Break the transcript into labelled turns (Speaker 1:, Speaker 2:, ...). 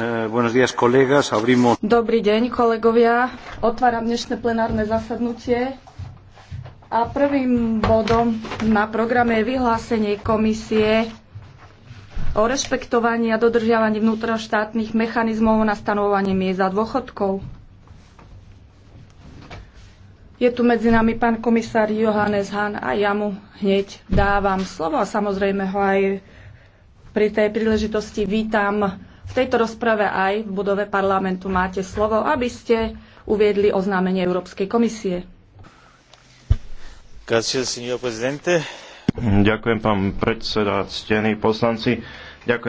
Speaker 1: Eh,
Speaker 2: Dobrý deň, kolegovia. Otváram dnešné plenárne zasadnutie. A prvým bodom na programe je vyhlásenie komisie o rešpektovaní a dodržiavaní vnútroštátnych mechanizmov na stanovovanie miest za dôchodkov. Je tu medzi nami pán komisár Johannes Hahn a ja mu hneď dávam slovo a samozrejme ho aj pri tej príležitosti vítam v tejto rozprave aj v budove parlamentu máte slovo, aby ste uviedli oznámenie Európskej komisie.
Speaker 3: Ďakujem, pán predseda, ctení poslanci.